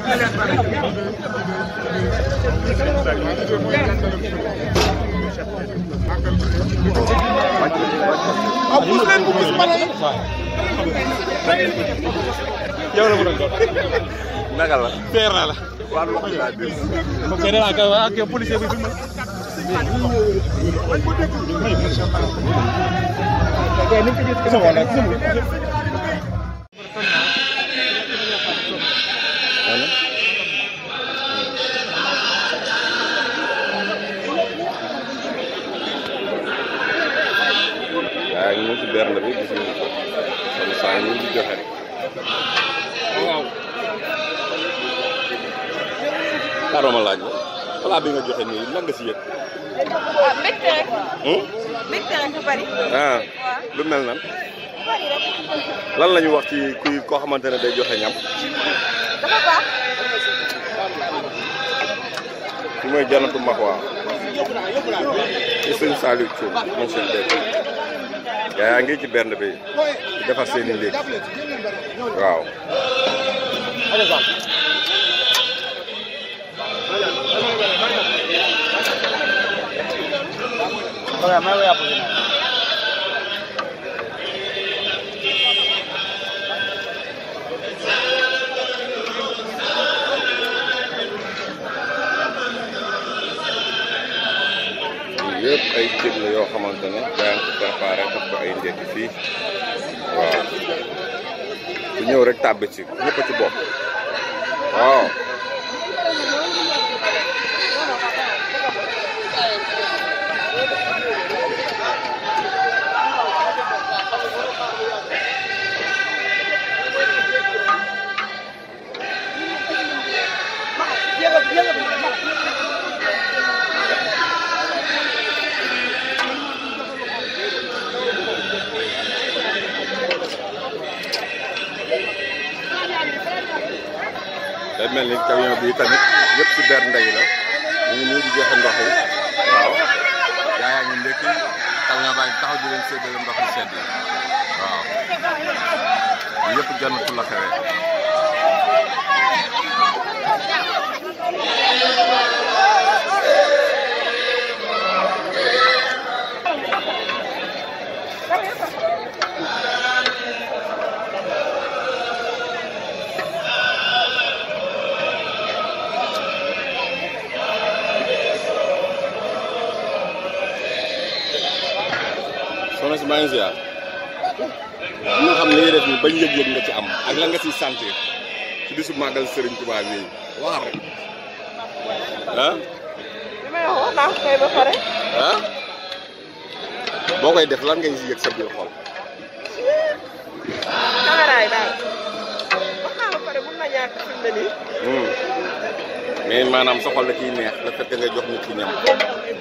waaw pousse leen bu pousse pare yow la mu doon doon. naka la. beer na la. waaw loxo yi laa beer. ok nee naa kay ak policier bi filmé. ok ni nga ko jëlee. nañu ci berne bi gis nañu di joxe rek waaw xaaral ma laaj la plat bi nga joxe nii lan nga si yëg waaw mbégte lu lan lañu wax ci kuy day joxe ñam dafa ci yaa ngi ci benn bi di defar seeni néeg waaw Okay, I'm yëpp ay cër la yoo xamante ne daan ko ko ay ndeeti fii waaw ku rek tàbbi ci ñëpp Yeah, yeah, yeah. la mel ni camion bi tamit yëpp ci ber ndey la ñu ngi nii di joxe ndox yi waaw gaa yaa ngi ndekki camion baa ngi taxaw di leen séddale ndox yu sedd yi waaw yëpp Jannatul la xewee soxna si maa ngi ziar bañ yëg-yëg nga ci am ak la nga siy sentir ci bisu màggal Serigne Touba bii wax rek ah. li may wax wax naa ko kay ba pare. ah boo koy def lan ngay yëg sa biir xol. Hmm. mais maanaam sa xol la ciy neex la fekk nga jox nit ki ñam.